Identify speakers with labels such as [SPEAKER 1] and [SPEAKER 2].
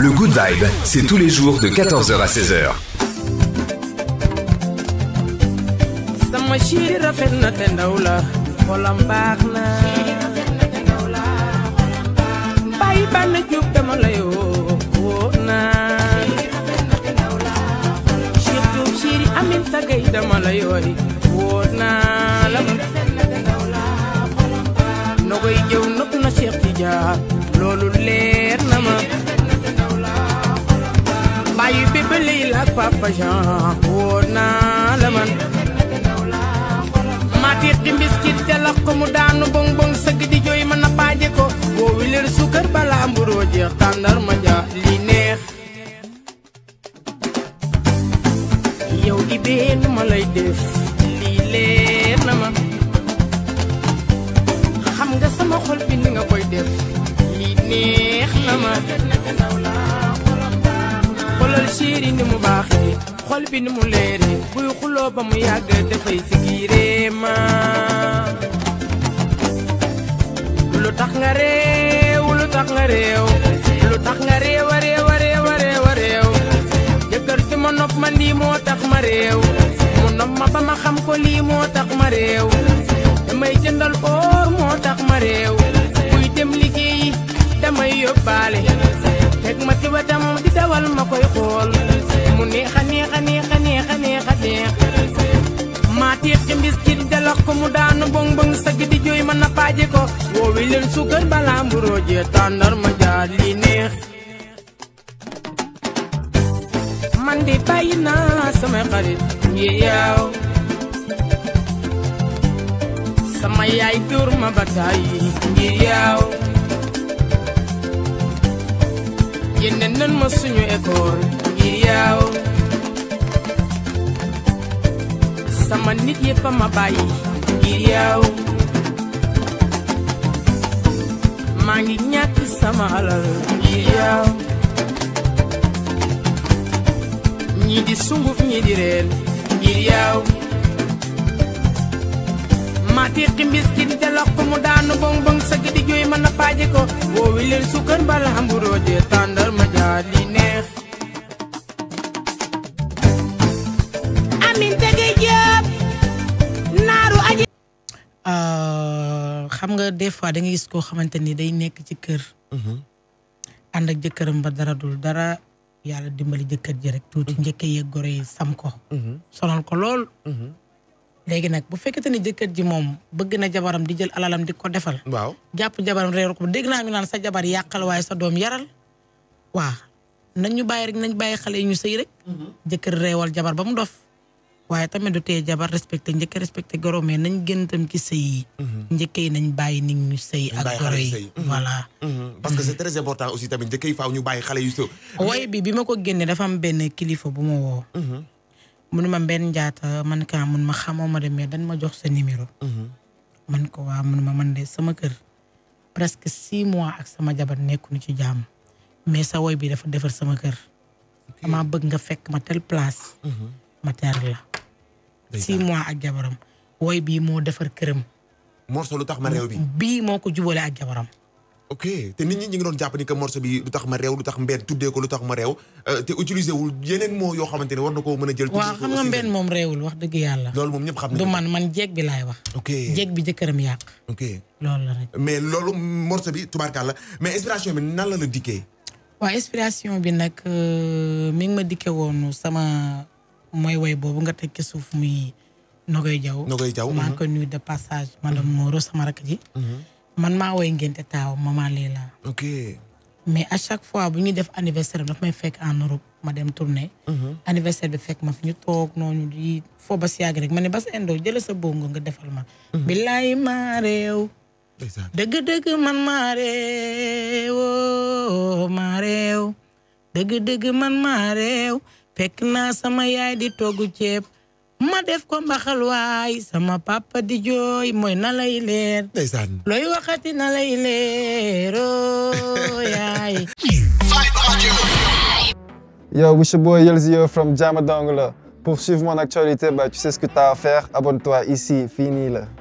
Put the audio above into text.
[SPEAKER 1] Le Good Vibe, c'est tous les jours de 14h à 16h. lii la papa Jean wóor naa la man maa tiiqi mbiskit jalab ko mu daanu bong bong sëgg di jooy mën a baaje ko woo wilir sukkar balaa mburoo jeex tàndar ma ja lii neex yow di bee nu def lii leer na ma xam nga sama xol bi ni nga koy def lii neex na ma xolal siiri ni mu baaxee xol bi ni mu leere buy xuloo ba mu yàgg dafay sigiiree ma lu tax nga réew lu tax nga réew lu tax nga réew a réew a réew a réew a réew ma nopp ma lii moo tax ma réew mu nopp ma ba ma xam ko lii moo tax ma réew damay jëndal oor moo tax ma réew buy dem liggéeyi damay yóbbaale rek ma ci wetam di dawal ma koy xool mu neex a neex a neex a neex a neex a neex maa teex ci mbiskit dalax ko mu daanu bong bong sëgg di jooy ma napaaje ko woowi leen suukar balaa mburoo jee tàndar ma jaar li neex man di bàyyi sama xarit ngi yaaw sama yaay dóor ma ba tàyyi ngi yeneen nan ma suñu école ngir yaaw sama nit yépp ma bàyyi ngir maa ngi ñàkk sama alal ngir yaaw ñii di sunguf ñii di reen ngir yaaw maa tiqi mbis gi di dalax ko mu daanu bong bong sëgg di jooy ma nag waje ko wo wilir sukan bal je tandar majali neex amin tege je naru aji xam nga des fois da ngay gis ko xamanteni day nek ci kër and mhm. ak jëkkëram ba dara dul dara yalla dimbali jëkkër ji rek tuuti mhm. njëkke yeeg gore sam ko mhm. sonal ko lool léegi nak bu fekkente ni jëkkër ji mom bëgg na jabaram di jël alalam di ko defal. waaw japp jabaram reer ko dégg na ñu naan sa jabar yàqal way sa doom yaral waa nañ ñu bàyyi rek nañ bàyyi xalé ñu sey rek. Mhm. jëkkër reewal jabar ba mu dof. waye tamé du tee jabar respecté ñëk respecté goro mais nañ gën tam ci sëy yi. Mhm. yi nañ bàyyi ni ñu sey ak goro yi mhm. voilà. parce que c'est très important aussi tamé njëkk faaw ñu bàyyi xalé yu sey waaye bi bima ko génnee dafa am ben kilifa bu ma wo ma benn jaata man kaa mun ma xamoo ma demee dan ma jox sa numéro. Mhm. man ko waa ma man de sama kër presque six mois ak sama jabar nekkuñu ci jàmm mais sa woy bi dafa defar sama kër. dama bëgg nga fekk ma tel place. Mhm. ma teer la. mois ak jabaram. woy bii moo defar këram. morceau lu tax ma bii moo ko jubale ak jabaram. ok te nit ñi ñu ngi doon jàpp ni que morceau bi lu tax ma réew lu tax mbenn tuddee ko lu tax ma réew euh, te utiliser yeneen moo yoo xamante ne war na koo mën a jël. waaw xam nga mbenn moom réewul wax dëgg yàlla. loolu moom ñëpp xam nañu du bi laay wax. ok bi jëkkëram yàq. loolu la rek. mais loolu morceau bi tubaarkàlla la la dikkee. waaw inspiration bi nag euh, mi ngi ma dikke woon sama mooy woy boobu nga teg ci suuf muy Nogoy Diaw. Nogoy Diaw maa ngi mhm. koy nuyu de passage madame Moreau sama rakk ji. Mhm. man maa woy ngénte taaw ma Leila. ok mais à chaque fois bu ñuy def anniversaire bi daf may fekk en Europe ma dem tournée. Mhm. anniversaire bi fekk ma fi ñu toog noonu di foo ba si yàgg rek ma ne Basse Endo jëlee sa bongo nga defal ma. Mhm. billaay maa réew. dëgg oh, dëgg man maa réew fekk naa sama yaay di togg ceeb. ma ko sama papa di joy mooy na lay waxati Yo, wish boy Yelzio from Pour suivre mon actualité, bah, tu sais ce que tu as à faire. Abonne-toi ici, fini là.